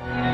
Bye.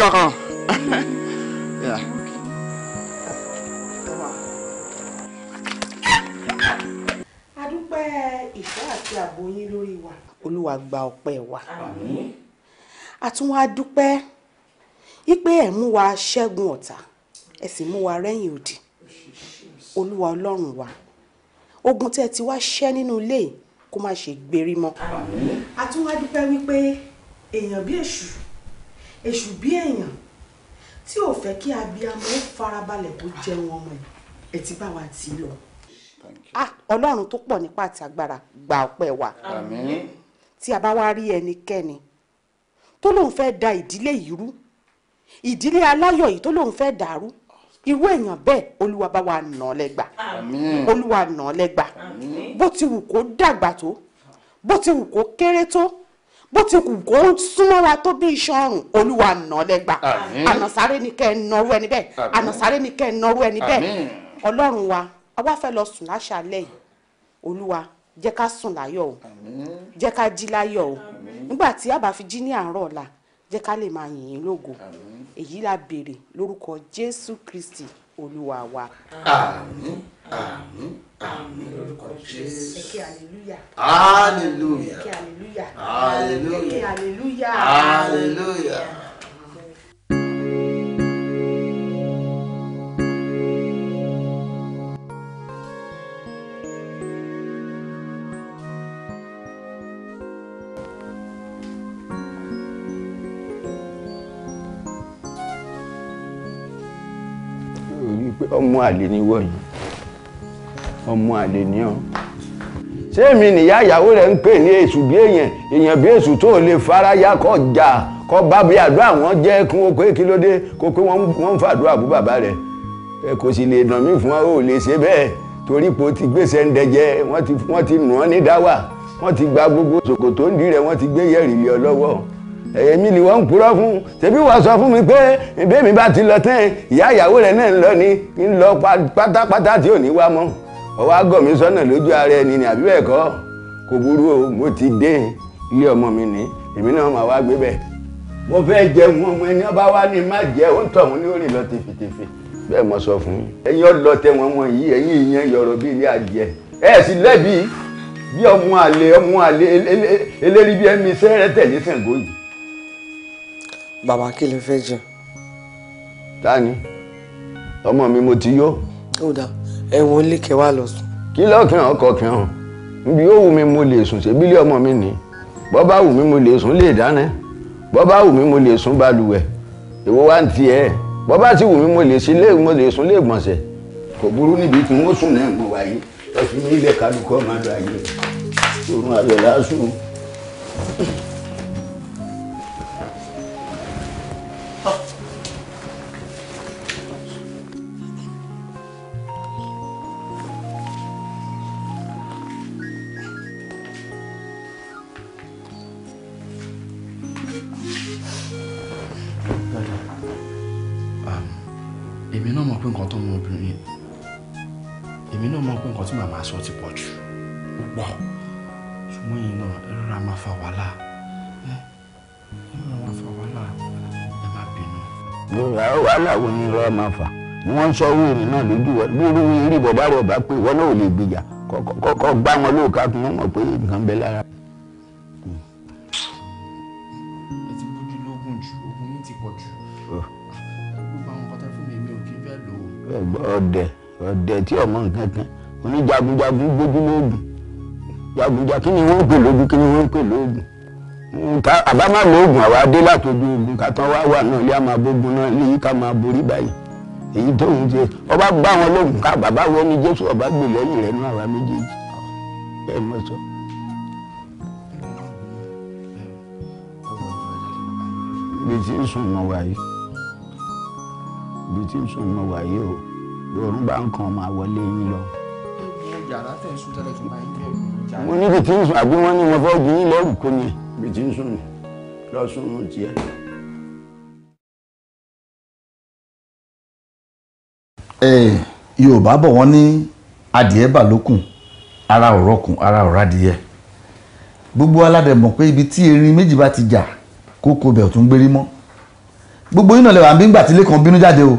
nǹkan kan. adúpẹ́ ìfẹ́ àti ààbò yín lórí wa. olúwa gba ọpẹ́ wa. àtúnwá dúpẹ́ wípé ẹ̀ mú wa ṣẹ́gun ọ̀tá ẹ̀ sì mú wa rẹ́yìn òdì olúwa ọlọ́run wa ogun tẹ́ ẹ ti wá ṣẹ́ nínú ilé kó má ṣe gbérí mọ́. àtúnwá dúpẹ́ wípé èèyàn bí èṣù èṣù bí èèyàn tí ò fẹ́ kí abiyamọ ó farabalẹ̀ kó jẹun ọmọ ẹ̀ ẹ̀ ti bá wa tì í lọ. Ah, ọlọ́run tó pọ̀ nípa àti agbára gba ọpẹ́ wa tí a bá wá rí ẹnikẹ́ni tó lóun fẹ́ da ìdílé yìí rú ìdílé aláyọ̀ yìí tó lóun fẹ́ dàrú irú èèyàn bẹ́ẹ̀ olúwa bá wa nà án lẹ́gbà olúwa nà án lẹ́gbà bó ti wù kó dàgbà tó bó ti wù kó kéré tó bó ti kù kó ń súnmọ́ tó bí iṣan ọrùn olúwa nà lẹ́gba ànàsáré ni kẹ́ ẹ nọrú ẹni bẹ́ẹ̀ ànàsáré ni kẹ́ ẹ nọrú ẹni bẹ́ẹ̀ ọlọ́run wa àwa fẹ́ lọ sùn láṣálẹ́ yìí olúwa jẹ́ ká sùn láyọ̀ o jẹ́ ká jí láyọ̀ o nígbà tí àbá fi jí ní àárọ̀ ọ̀la jẹ́ ká lè máa yìn ín lógo èyí la béèrè lórúkọ jésù kristi olúwa wa. àmín. àmín àmín lórúkọ jésù. ẹ̀kẹ́ hallelujah. hallelujah. ẹ̀kẹ́ hallelujah. hallelujah. hallelujah. hallelujah. ọmọ àlè ni wọ́n yìí ọmọ àlè ni ọ ṣé èmi nìyá ìyàwó rẹ ń pè ní èṣù bí èèyàn èèyàn bí èṣù tó lè faraya kọ jà kọ bábi àdúrà wọn jẹ kí wọn pé kí ló dé kó pé wọn ń fàdúrà bú bàbá rẹ ẹ kò sì lè nà mí fún ọ ò lè ṣe bẹ́ẹ̀ torí pé o ti gbèsè ń dẹjẹ wọn ti nù ọ ní dáwà wọn ti gba gbogbo ṣòkòtò ń di rẹ wọn ti gbé yẹ̀rì lé ọ lọ́wọ́ èmi ni wọ́n ń purọ́ fún ṣebí wọ́n sọ fún mi pé ìbémi bá ti lọ tán ìyá ìyàwó rẹ̀ náà ń lọ ni ń lọ pátápátá tí ò ní wá mọ́ ọwọ́ àgọ́ sọ́nà lójú ara ẹni ni àbí bẹ́ẹ̀ kọ́ kò burú o mo ti dé ilé ọmọ mi ní èmi náà máa wá gbé bẹ́ẹ̀ mo fẹ́ jẹun ọmọ ẹni ọba wa ni má jẹ ó ń tọ̀ mú ní orí lọ tẹfẹtẹfẹ bẹ́ẹ̀ mo sọ fún yín ẹ̀yin ọlọ́tẹ̀ wọn wọn yìí ẹ̀yin ìyẹn yọ̀rọ̀ bí ilé adìẹ ẹ̀ sì lẹ́bi bí ọmọ àlè ọmọ àlè eléri bí ẹni sẹ́rẹ̀ tẹ̀lé Ṣàngó yìí. bàbá kí lè fẹ́ jẹ. ta ọmọ mi mo ti yó. ó dáa ẹ̀wọ̀n lè kẹ́ wá lọ sùn. kí lọ́ọ̀kìrán ọkọ̀ kìrán níbi yóò wù mí mo lè sùn ṣe bílí ọmọ mi nì bọ́ bá wù mí mo lè sùn lè dáná bọ́ bá wù mí mo lè sùn balùwẹ̀ èwo wá ń tiẹ̀ bọ́ bá ti wù mí mo lè sí lé mo lè sùn lé gbọ̀nsẹ̀ kò burú níbi tí wọ́n sùn náà mo wáyé lọ́ọ́ fi mí kálukọ́ máa lọ ayé òun àbẹ̀lá sùn. fa wàhálà ẹ máa fa wàhálà ẹ má bínú. wàhálà wo ni lọ́ọ́ máa fà ni wọ́n ń sọ owó èmi náà lójú wọn bí irú irú bọ̀dá rẹ̀ bá pé ìwọ náà ò lè gbìjà kọ́kọ́ gbá wọn lóòka kí wọ́n mọ̀ pé nǹkan bẹ lára. ẹ ti bójú lógún jù ogun yìí ti pọ̀ jù gbogbo àwọn kọ́tà fún mi èmi ò kí bẹ́ẹ̀ lò ó. ọdẹ ọdẹ tí ọmọ nǹkan kan oníjagunjagun gbójú lóògùn jàgùjà kí ni wọ́n ń pè lógun kí ni wọ́n ń pè lógun àbá má lo oògùn àwa dé látọjú oògùn kàtọ́ wá wà náà ilé àmà gbógun náà ní yíká máa borí báyìí èyí tó ń ṣe ọba bá wọn lóògùn ká bàbá wọn ní Jésù ọba gbè lẹ́yìn rẹ̀ nú àwa méjèèjì ẹ mọ̀ sọ. ibi tí ń sùn mọ́ wáyé ibi ń sùn mọ́ wáyé o lórun bá ń kan máa wọlé yín lọ. ẹ wo yàrá sùn tẹ́lẹ̀ tó máa ń bẹ̀rù mo ní bìtì ń sùn àbí wọ́n ní mo fẹ́ gbìn yín lẹ́rù kó ni bìtì ń sùn lọ́sùn mú tiẹ̀. yorùbá bọ̀ wọ́n ní adìẹ bà ara ò ara ò rádìẹ gbogbo aládẹ mọ̀ pé ibi tí erin méjì bá ti jà kókó bẹ̀ ò tún gbérí mọ́ gbogbo yín náà lè wà bí ngbà tí ilé bínú jáde o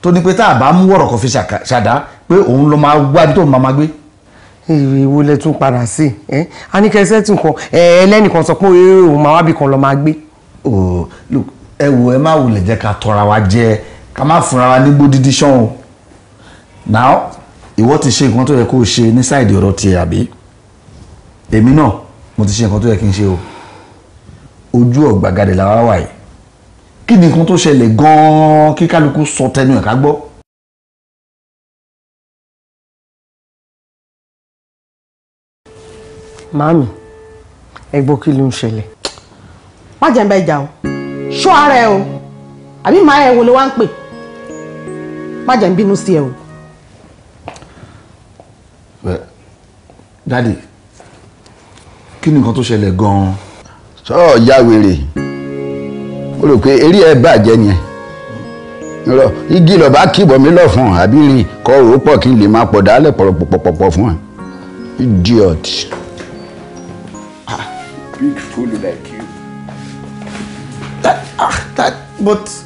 tó ní pé tá a bá mú wọ̀rọ̀ kan fi ṣàdá pé òun ló máa wá tó máa máa gbé ìwò lẹ tún padà sí ẹ a ní kẹsẹ tún kan ẹlẹ́nìkan sọ pé òun máa wábì kan lọ máa gbé. look ẹ wo ẹ má wulẹ̀ jẹ́ ká tọra wa jẹ ká má fúnra wa nígbó dídí sán o now ìwọ ti ṣe nǹkan tó yẹ kó o ṣe ní sáìdì ọ̀rọ̀ tiẹ̀ àbí èmi náà mo ti ṣe nǹkan tó yẹ kí n ṣe o ojú ọ̀gbagadè làwa wà yìí kí ni nǹkan tó ṣẹlẹ̀ gan-an kí kálukú sọ tẹnu ẹ̀ ká gbọ́ màámi ẹ gbọ́ kí ló ń ṣẹlẹ̀. má jẹ́ ń bá ẹ jà o ṣọ́ ara ẹ o àbí màá ẹ wo ló wá ń pè má jẹ́ ń bínú sí ẹ o. dádì kí ni nǹkan tó ṣẹlẹ̀ gan-an. sọ́ọ̀ ya wèrè mo rò pé eré ẹ bàjẹ́ ni ẹ rọ igi lọ́ba kìbọ̀ mi lọ́fun àbí rí kọ́ òwò pọ̀ kí n lè máa pọ̀ dálẹ̀ pọ̀rọ̀pọ̀pọ̀ fún ẹ idiot. but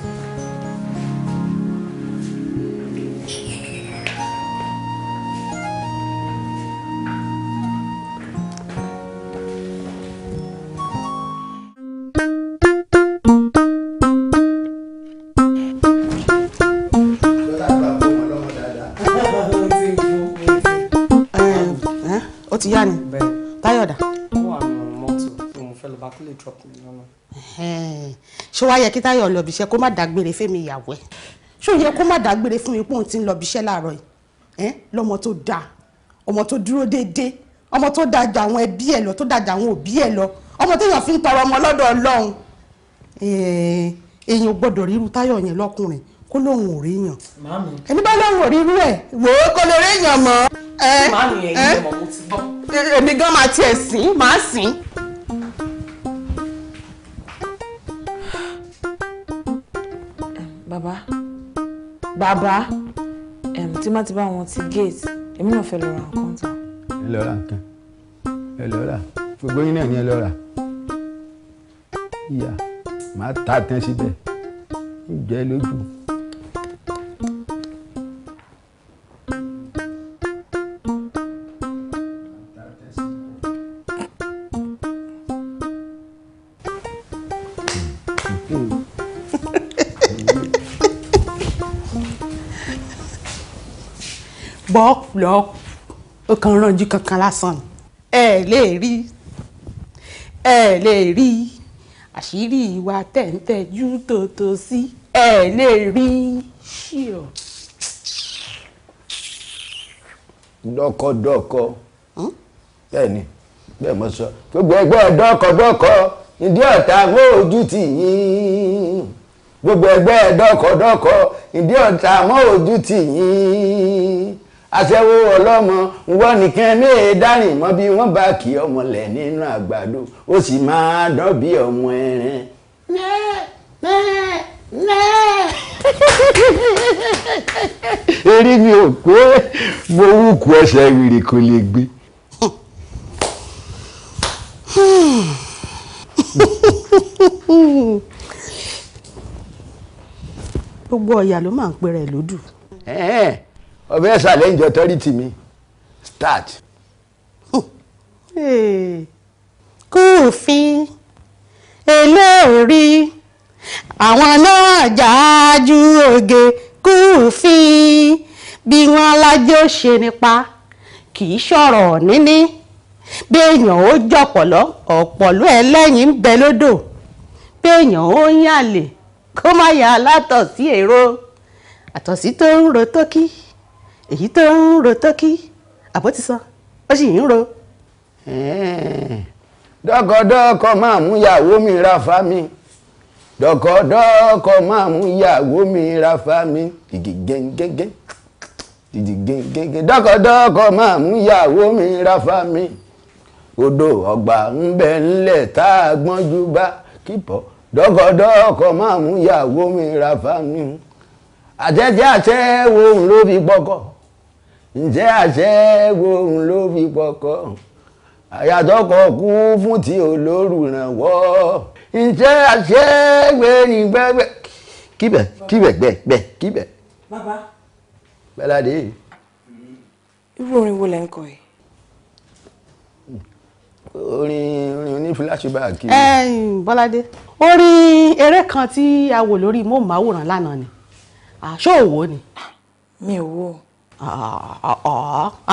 ṣó wá yẹ kí táyọ̀ lọ bìṣẹ́ kó má dágbére fẹ́mi ìyàwó ẹ̀ ṣó yẹ kó má dágbére fún mi pé òun ti ń lọ bìṣẹ́ láàárọ̀ yìí lọ́mọ tó dáa ọmọ tó dúró déédéé ọmọ tó dájà àwọn ẹbí ẹ lọ tó dájà àwọn òbí ẹ lọ ọmọ téèyàn fi ń tọrọ ọmọ lọ́dọ̀ Ọlọ́run èèyàn gbọ́dọ̀ ríru táyọ̀ yẹn lọ́kùnrin kó lóun ò rí yàn ẹni bá lóun ò rí irú ẹ wò ó kó lè rí yàn mọ́ ẹ ẹ èmi gan máa tiẹ̀ sìn máa sìn. Baba, Baba, tí má ti bá wọn ti gate èmi náà fẹ́ lọ ra nǹkan tán. ẹ lọ ra nǹkan ẹ lọ ra gbogbo yín náà ni ẹ lọ ra ìyá màá ta àtẹ síbẹ̀ ń jẹ́ lójú. bọ́ọ̀lọ́ ó kàn rànjú kankan lásán ni ẹ lè rí ẹ lè rí àṣírí ìwà tẹ̀ǹtẹ̀jú tòótọ́ sí ẹ lè rí ṣíọ. dọ́kọ̀dọ́kọ̀ hmm? bẹ́ẹ̀ ni bẹ́ẹ̀ mo sọ gbogbo ẹgbẹ́ dọ́kọ̀dọ́kọ̀ ìdí ọ̀tá mọ́ ojú tì yín gbogbo ẹgbẹ́ dọ́kọ̀dọ́kọ̀ ìdí ọ̀tá mọ́ ojú tì yín. aṣẹ́wó ọlọ́mọ wọ́n nìkan méè dárìn mọ́ bí wọ́n bá kí ọmọ lẹ̀ nínú àgbàdo ó sì máa dọ́bí ọmọ ẹrin. erí mi ò pé mo wúkú ẹsẹ̀ wìrì kò lè gbé. gbogbo ọ̀yà ló máa ń pera lódù. ọbẹ̀ ṣàlẹ́yìn authority mi start. kúfin eléèrí àwọn náà jáájú oge kúfin bí wọ́n lájọ́ ṣe nípa kì í ṣọ̀rọ̀ níní béèyàn ó jọ̀pọ̀lọ́ ọ̀pọ̀lọ́ ẹlẹ́yìn ń bẹ lódò béèyàn ó yàn lè kó má yà á látọ̀ sí èrò àtọ̀sí tó ń ro tókì èyí tó ń ro tọ́kì àbọ̀ ti san ó sì ń ro. dọ́kọ̀dọ́kọ̀ máa mú ìyàwó mi ra fa mi dọ́kọ̀dọ́kọ̀ máa mú ìyàwó mi ra fa mi gègé gẹ́gẹ́ dìdì gègé dọ́kọ̀dọ́kọ̀ máa mú ìyàwó mi ra fa mi odò ọgbà ń bẹ ńlẹ̀ tá a gbọ́njú bá kíbọ̀ dọ́kọ̀dọ́kọ̀ máa mú ìyàwó mi ra fa mi àtẹ̀jẹ́ àtẹ̀wò òun ló gbọ́kọ̀ ǹjẹ́ àṣẹ́wó òun ló fi pọkọ àyàtọkọ kú fún ti olórùrànwọ́ ǹjẹ́ àṣẹ́gbé ní gbẹ́gbẹ́ kíbẹ̀ kíbẹ̀ gbẹ̀ gbẹ̀ kíbẹ̀. bàbá. bẹ́ládé. irú orin wo lẹ ń kọ yìí. orin orin oní flashback. bọ́ládé orin eré kan tí a wò lórí móhùnmáwòrán lánàá ni àṣọ òwò ni. mi ò wò ó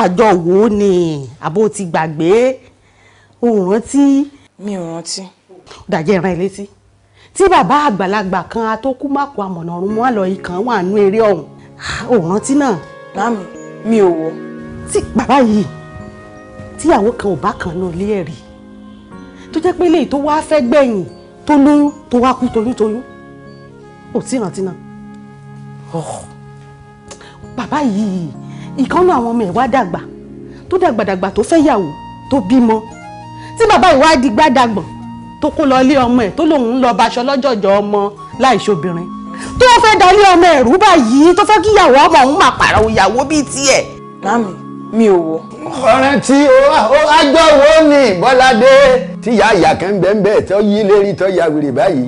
àjọ wo ni àbó ti gbàgbé o rántí. mi ò rántí. dàjẹ́ ìran ẹ̀ létí tí bàbá àgbàlagbà kan atókù má kó àmọ̀nà ọ̀run mọ́ àlọ́ yìí kan wà nú eré ọ̀hún ò rántí náà. láàmì mi ò wọ. tí bàbá yìí tíyàwó kan ò bá kan náà lé ẹ̀rí tó jẹ́ pé léyìí tó wáá fẹ́ gbẹ̀yìn tó lóyún tó wá kú toyúntoyún ò tí rántí náà. Oh bàbá yìí ìkànnà àwọn ọmọ ẹ̀ wá dàgbà tó dàgbàdàgbà tó fẹ́ yàwó tó bímọ tí bàbá yìí wá di gbádàgbọ̀n tó kó lọ ilé ọmọ ẹ̀ tó lòun ń lọ baṣọ lọ́jọ̀jọ̀ ọmọ láìṣobìnrin tó fẹ́ dalé ọmọ ẹ̀rú báyìí tó fẹ́ kí ìyàwó ọmọ òun máa pààrọ̀ ìyàwó bíi tiẹ̀. láàmì mi ò wò. ọ̀rẹ́ tí agbọ́wọ́ ni bọ́ládé tíyà àyà kan bẹ́ẹ̀ bẹ́ẹ̀ tó yí lérí tó ya wèrè báyìí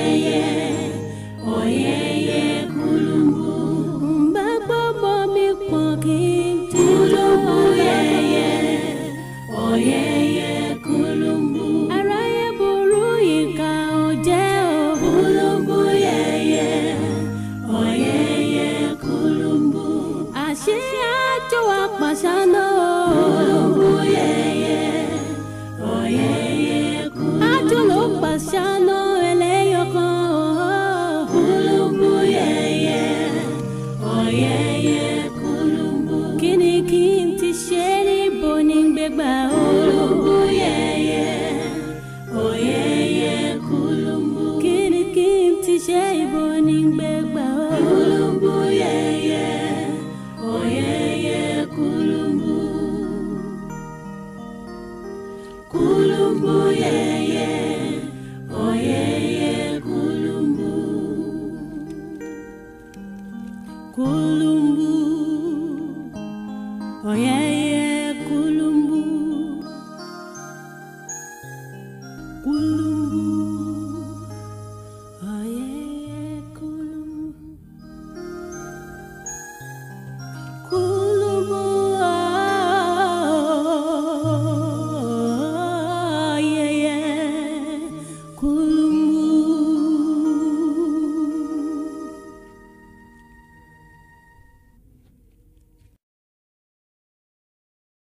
biết bao